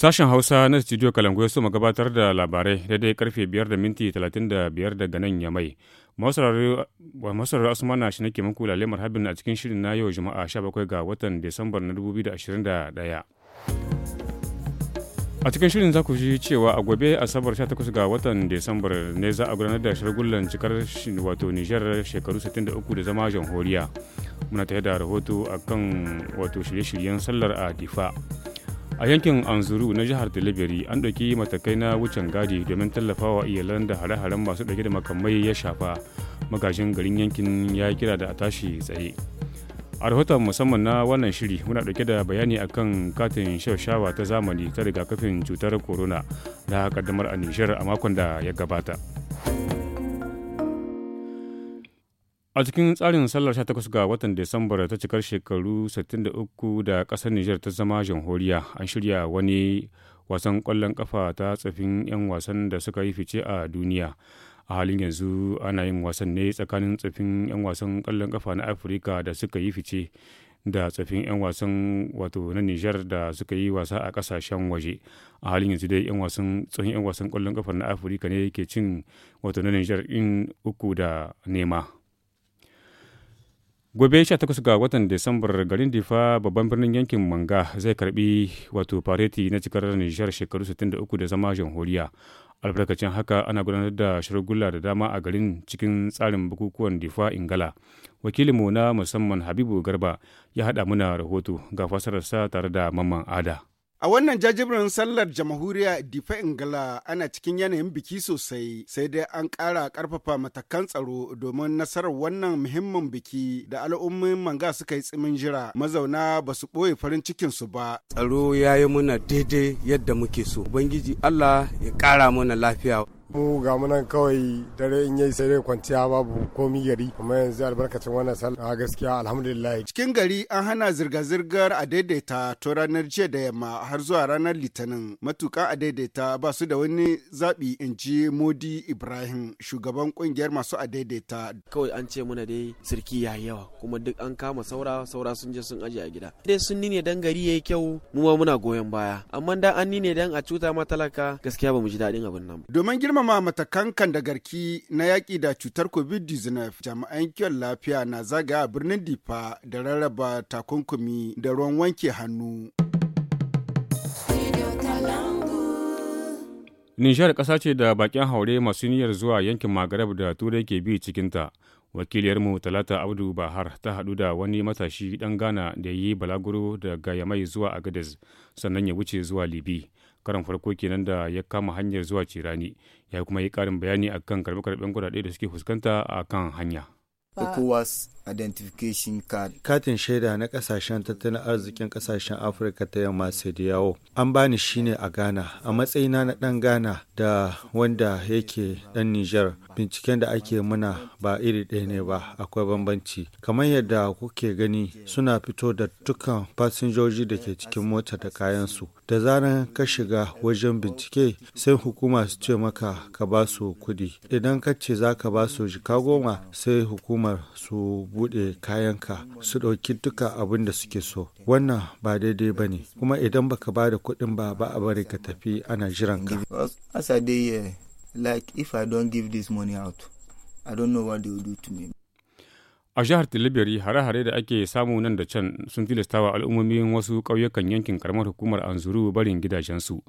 Sashen Hausa na Studio Kalangoyo su gabatar da labarai daidai karfe 5 da minti 35 daga nan ya mai. Masarar Asmana shi nake muku lalemar habin a cikin shirin na yau Juma'a 17 ga watan Disambar na 2021. a cikin shirin za ku ji cewa a gobe asabar 18 ga watan desambar ne za a gudanar da shirgullan cikar wato nijar shekaru 63 da zama jamhuriya muna tare da rahoto a kan wato shirye-shiryen sallar a difa a yankin anzuru na jihar delivery an ɗauki matakai na wucin gadi domin tallafawa iyalan da hare-haren masu ɗauke da makamai ya shafa magajin garin yankin ya kira da a tashi tsaye a rahoton musamman na wannan shiri muna dauke da bayani akan katin shaushawa ta zamani ta rigakafin cutar corona da kaddamar a nijar a makon da ya gabata a cikin tsarin sallar 18 ga watan disambar ta cikar shekaru 63 da kasar nijar ta zama jamhuriya an shirya wani wasan kwallon kafa ta tsafin 'yan wasan da suka yi fice a duniya a halin yanzu ana yin wasan ne tsakanin tsafin 'yan wasan kallon kafa na afirka da suka yi fice da tsofin 'yan wasan wato na nijar da suka yi wasa a kasashen waje a halin yanzu dai 'yan wasan tsohon 'yan wasan kwallon kafa na afirka ne ke cin wato na nijar in uku da nema gobe 18 ga watan disambar garin difa babban birnin yankin manga zai karbi wato fareti na cikar nijar shekaru 63 da zama jamhuriya albarkacin haka ana gudanar da shirgula da dama a garin cikin tsarin bukukuwan difa ingala wakilinmu na musamman habibu garba ya haɗa muna rahoto ga fasararsa tare da mamman ada A wannan jajibirin sallar jamhuriya Difa Ingila ana cikin yanayin biki sosai sai dai an ƙara ƙarfafa matakan tsaro domin nasarar wannan muhimmin biki da al'ummin manga suka yi tsimin jira mazauna ba su ɓoye farin cikinsu ba. Tsaro ya yi muna daidai yadda muke so. Ubangiji Allah ya ƙara mana lafiya. mu ga munan kawai dare in yayi sai dai kwanciya babu komi gari kuma yanzu albarkacin wannan sallah gaskiya alhamdulillah cikin gari an hana zirga-zirgar a daidaita to ranar jiya da yamma har zuwa ranar litinin matukan a daidaita ba su da wani zabi in ji modi ibrahim shugaban kungiyar masu a daidaita kawai an ce muna dai sirki ya yawa kuma duk an kama saura saura sun je sun aje a gida dai sun ni ne dan gari yayi kyau mu ma muna goyon baya amma da an ni ne dan a cuta matalaka gaskiya ba mu ji daɗin abin nan domin girma Girmama matakan kan da garki na yaƙi da cutar COVID-19 jami'an kiwon lafiya na zagaya a birnin Difa da rarraba takunkumi da ruwan wanke hannu. Nijar ƙasa ce da bakin haure masu niyyar zuwa yankin Maghreb da Turai ke bi cikinta. Wakiliyarmu Talata Abdu Bahar ta haɗu da wani matashi ɗan Ghana da yi balaguro daga Yamai zuwa Agadez sannan ya wuce zuwa Libi. karan farko kenan da ya kama hanyar zuwa cirani ya kuma yi karin bayani akan karbe-karben kudade da suke fuskanta a kan hanya. identification card katin shaida na kasashen tattalin arzikin kasashen afirka ta yamma yawo. an bani shine a ghana a matsayina na ɗan ghana da wanda yake ɗan nijar binciken da ake muna ba iri ɗaya ne ba akwai bambanci kamar yadda kuke gani suna fito da dukkan fasinjoji da ke cikin mota da kayansu da zaran ka shiga wajen bincike sai hukuma su ce maka ka ba su kuɗi idan ka ce za ka ba su jika goma sai hukumar su buɗe kayanka su ɗauki duka abin da suke so wannan ba daidai ba ne kuma idan baka ba da kuɗin ba ba a bari ka tafi ana jiran ka like if i don't a jihar tilibiri hare-hare da ake samu nan da can sun tilasta wa al'ummomin wasu ƙauyukan yankin karamar hukumar anzuru barin gidajensu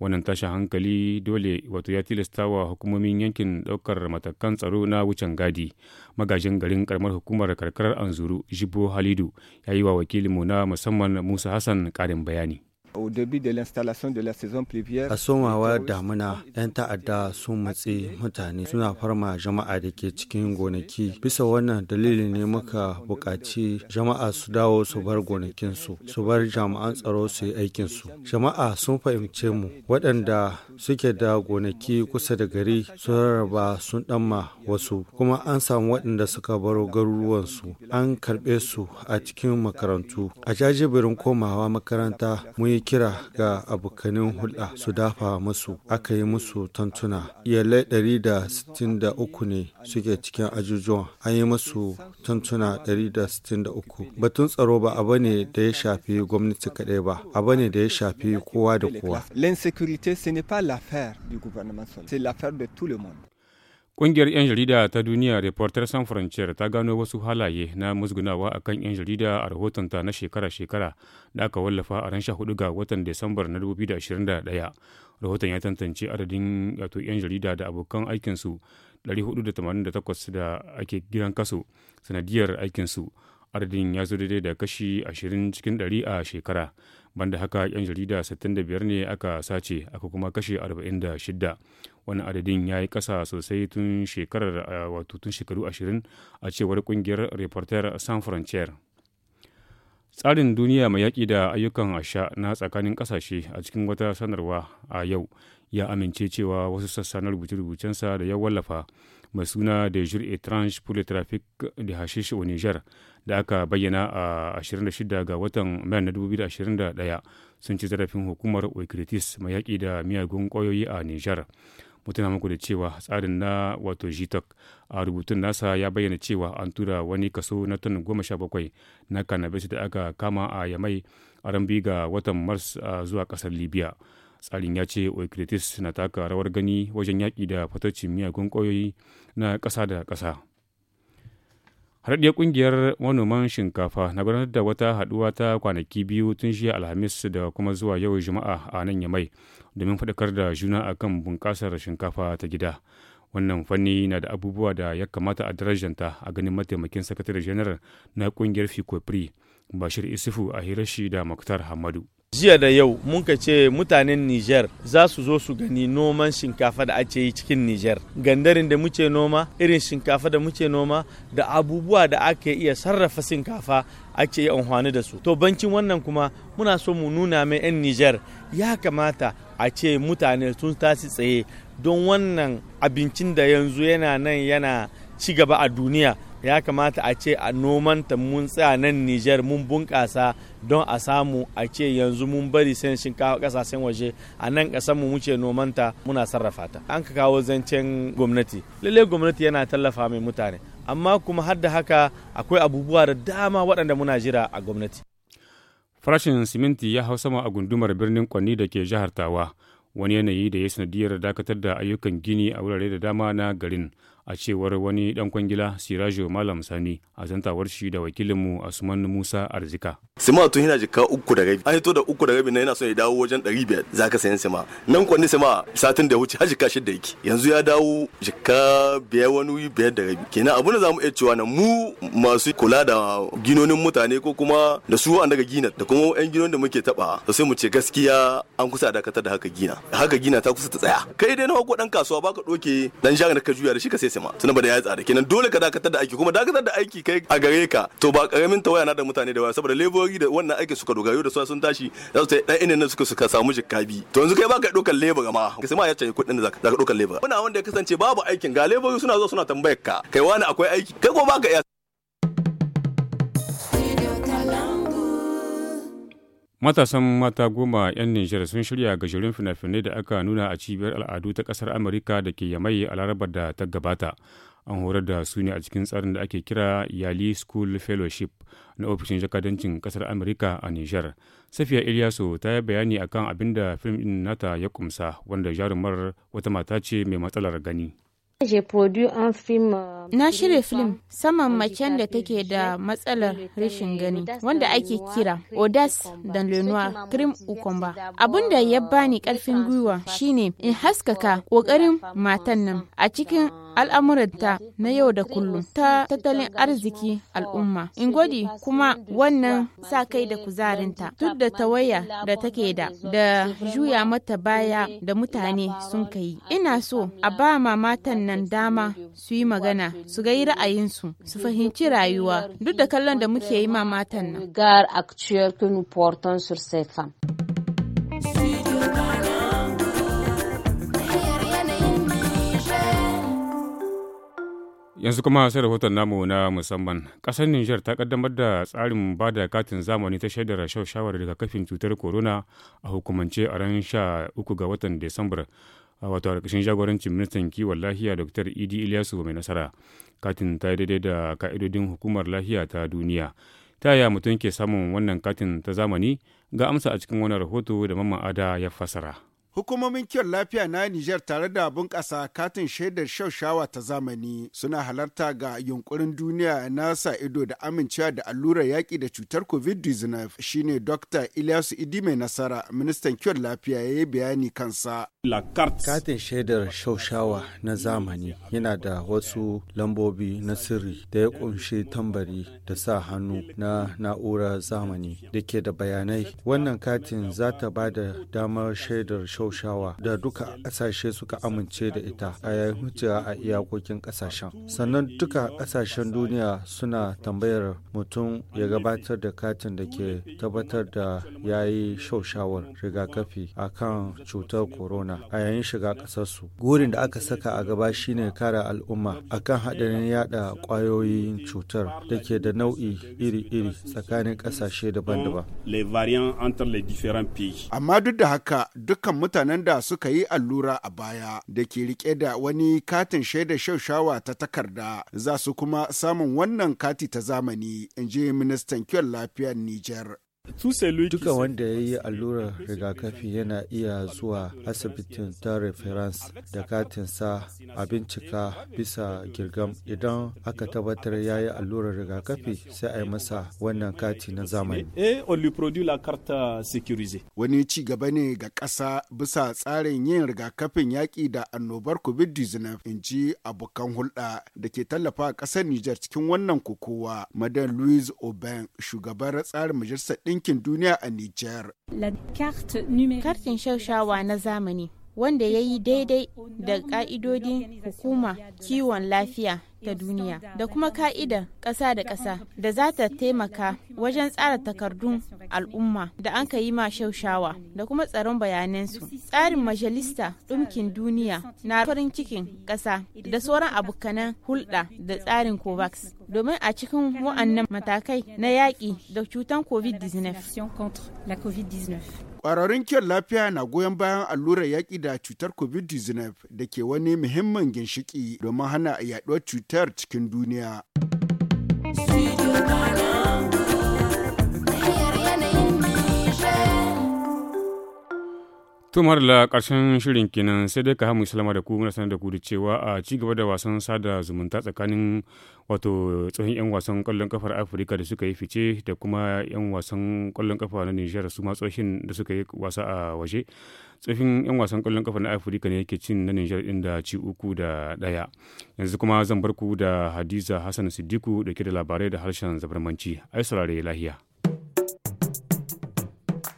wannan tashin hankali dole wato ya tilasta wa hukumomin yankin daukar matakan tsaro na wucin gadi magajin garin karamar hukumar karkarar anzuru jibo halidu ya yi wa wakilinmu na musamman musa hassan karin bayani au A somawa damuna, 'yan ta'adda sun matsi mutane suna farma jama'a da ke cikin gonaki. Bisa wannan dalili ne muka buƙaci jama'a su dawo su bar gonakinsu, su bar jama'an tsaro su yi aikinsu. Jama'a sun fahimce mu waɗanda suke da gonaki kusa da gari su rarraba sun ɗamma wasu, kuma an samu waɗanda suka baro garuruwansu, an karɓe su a cikin makarantu. A jajibirin komawa makaranta mun yi kira ga abokanin hulɗa su dafa musu aka yi musu tantuna iyalai 163 ne suke cikin ajujuwa an yi musu tantuna 163 batun tsaro ba abu ne da ya shafi gwamnati kaɗai ba abu ne da ya shafi kowa da kowa ce pas Ƙungiyar 'yan jarida ta duniya Reporter San Frontier ta gano wasu halaye na musgunawa a kan 'yan jarida a rahotonta na shekara-shekara da aka wallafa a ran 14 ga watan disambar na 2021. Rahoton ya tantance adadin gato 'yan jarida da abokan aikinsu 488 da ake gidan kaso sanadiyar aikinsu. Adadin ya zo daidai da kashi 20 cikin 100 a shekara. Banda haka 'yan jarida 65 ne aka sace aka kuma kashe 46. wani adadin ya yi ƙasa sosai tun shekarar wato tun shekaru ashirin a cewar ƙungiyar reporter san frontier tsarin duniya mai yaƙi da ayyukan asha na tsakanin ƙasashe a cikin wata sanarwa a yau ya amince cewa wasu sassa na rubuce-rubucensa da ya wallafa mai suna de jour tranche pour le trafic de hashish au niger da aka bayyana a 26 ga watan mayan na 2021 sun ci zarafin hukumar oikritis mai yaƙi da miyagun ƙwayoyi a niger mutuna muku da cewa tsarin na wato gitoc a rubutun nasa ya bayyana cewa an tura wani kaso na tun goma sha bakwai na cannabis da aka kama a yamai a rambi ga watan mars zuwa kasar libya tsarin ya ce oikritis na taka rawar gani wajen yaƙi da fatacin miyagun ƙwayoyi na ƙasa da ƙasa haɗaɗɗiyar ƙungiyar manoman shinkafa na gudanar da wata haɗuwa ta kwanaki biyu tun jiya alhamis da kuma zuwa yau juma'a a nan yamai domin faɗakar da juna a kan bunƙasar shinkafa ta gida wannan fanni na da abubuwa da ya kamata a darajanta a ganin mataimakin sakatare janar na ƙungiyar fikopri bashir isufu a hirashi da muktar hamadu jiya da yau mun ka ce mutanen Nijar za su zo su gani noman shinkafa da ake yi cikin Nijar. Gandarin da muke noma, irin shinkafa da muke noma, da abubuwa da ake iya sarrafa shinkafa ake yi amfani da su. To bankin wannan kuma muna so mu nuna mai 'yan Nijar ya kamata a ce mutane sun tasi tsaye don wannan abincin da yanzu yana nan yana ci gaba a duniya ya kamata a ce a nomanta mun tsaya nan Nijar mun bunƙasa don a samu a ce yanzu mun bari sai shinkafa ƙasashen waje a nan ƙasar mu muke nomanta muna sarrafa ta an ka kawo zancen gwamnati lalle gwamnati yana tallafa mai mutane amma kuma har da haka akwai abubuwa da dama waɗanda muna jira a gwamnati farashin siminti ya hau sama a gundumar birnin kwanni da ke jihar tawa wani yanayi da ya sanadiyar dakatar da ayyukan gini a wurare da dama na garin a cewar wani dan kwangila sirajo malam sani a zantawar shi da wakilinmu asuman musa arzika sima tun yana jika uku da rabi an hito da uku da rabi na yana son ya dawo wajen ɗari biyar za ka sayan sima nan kwanni sima satin da wuce har jika shidda yake yanzu ya dawo jika biyar wani biyar da rabi kenan abu da zamu iya cewa na mu masu kula da ginonin mutane ko kuma da su an daga gina da kuma yan ginon da muke taba to sai mu ce gaskiya an kusa dakatar da haka gina haka gina ta kusa ta tsaya kai dai na ko dan kasuwa baka doke dan jaga da ka juya da shi ka sai shi ma suna ba da ya kenan dole ka dakatar da aiki kuma dakatar da aiki kai a gare ka to ba karamin tawaya na da mutane da waya saboda lebori da wannan aiki suka dogayo da su sun tashi za su ta dan inin nan suka suka samu jikkabi to yanzu kai baka dokar lebur ma kai ma ya ce kudin da zaka dokar lebur muna wanda ya kasance babu aikin ga lebori suna zo suna tambayar ka kai wani akwai aiki kai ko baka iya Matasan mata goma 'yan Nijar sun shirya shirin fina-finai da aka nuna a cibiyar al'adu ta kasar Amurka da ke Yamai a larabar da ta gabata. An horar da su ne a cikin tsarin da ake kira Yali School Fellowship na ofishin jakadancin kasar Amurka a Nijar. Safiya Ilyasu ta yi bayani akan abin da fim ɗin nata ya kumsa wanda jarumar wata mata ce mai matsalar gani. Euh, Na shirya film saman macen da take da matsalar rashin euh, gani wanda ake kira Odas da Lenoir Krim Ukomba. Abun da ya euh, bani karfin gwiwa shine in haskaka kokarin matan nan a cikin al'amuranta na yau da kullum ta tattalin arziki al'umma. in gwadi kuma wannan sa kai da kuzarinta duk da tawaya da take da da juya mata baya da mutane sun kai. Ina so a ba ma matan nan dama su yi magana su ga ra'ayinsu su fahimci rayuwa duk da kallon da muke yi ma matan nan. Gar actuel que nous portons sur ces femmes. Yanzu kuma sai rahoton namu na musamman. Ƙasar Niger ta kaddamar da tsarin ba da katin zamani ta shaidar shawarar rigakafin cutar corona a hukumance a ran sha uku ga watan Desambar. Wato a ƙarƙashin jagorancin ministan kiwon lafiya Dr. Idi Ilyasu mai nasara. Katin ta yi daidai da ka'idodin hukumar lahiya ta duniya. Ta yaya mutum ke samun wannan katin ta zamani ga amsa a cikin wani rahoto da mamman ada ya fasara. Hukumomin kiwon lafiya na Nijar tare da bunƙasa katin shaidar shawa ta zamani suna halarta ga yunkurin duniya na sa ido da amincewa da allurar yaƙi da cutar COVID-19 shine Dr. Ilyasu Idi mai nasara ministan kiwon lafiya ya yi bayani kansa. Katin shaidar shaushawa na zamani yana da wasu lambobi na sirri da ya ƙunshi tambari da sa hannu na na'urar zamani da ke da bayanai. Wannan katin za ta ba da damar shaidar shaushawa taushawa da duka ƙasashe suka amince da ita a yayin a iyakokin ƙasashen. Sannan duka ƙasashen duniya suna tambayar mutum ya gabatar da katin da ke tabbatar da ya yi shaushawar rigakafi a kan cutar corona a yayin shiga ƙasarsu. Gurin da aka saka a gaba shine kare al'umma a kan haɗarin yada ƙwayoyin cutar da ke da nau'i iri-iri tsakanin ƙasashe daban-daban. Amma duk da haka dukkan mutane mutanen da suka yi allura a baya da ke rike da wani katin shaidar shaushawa ta takarda za su kuma samun wannan kati ta zamani in ji ministan kiwon lafiyar Nijar. Duka wanda ya yi allurar rigakafi yana iya zuwa asibitin ta reference da katinsa a bincika bisa girgam idan aka tabbatar ya yi allurar rigakafi sai a yi masa wannan kati na zamani. Wani ci gaba ne ga ƙasa bisa tsarin yin rigakafin yaƙi da annobar COVID-19 in ji abokan hulɗa da ke tallafa ƙasar Nijar cikin wannan kokowa. Madan Louise Oben shugabar tsarin majalisar ɗin Ɗinkin Duniya a Nijar. Kartin shaushawa na zamani. wanda ya yi daidai da ka'idodin hukuma kiwon lafiya ta duniya da kuma ka'idar ƙasa da ƙasa da za ta taimaka wajen tsara takardun al'umma da an ka yi ma shaushawa da kuma tsaron bayanansu tsarin majalista ɗumkin duniya na farin cikin ƙasa da sauran abokanan hulɗa da tsarin covax domin a cikin wa'annan matakai na yaƙi da cutar covid-19 kwararrun kiwon lafiya na goyon bayan allurar yaƙi da cutar COVID-19 da ke wani muhimmin ginshiki, domin hana yaɗuwar cutar cikin duniya. to la ƙarshen shirin kenan sai dai ka hamu salama da ku muna sanar da ku da cewa a ci gaba da wasan sada zumunta tsakanin wato tsohon 'yan wasan ƙwallon kafar afirka da suka yi fice da kuma 'yan wasan ƙwallon kafa na nijar su ma tsohin da suka yi wasa a waje tsohin 'yan wasan ƙwallon kafa na afirka ne yake cin na nijar ɗin da ci uku da ɗaya yanzu kuma zan bar ku da hadiza hassan siddiku da ke da labarai da harshen zabarmanci ai saurare lahiya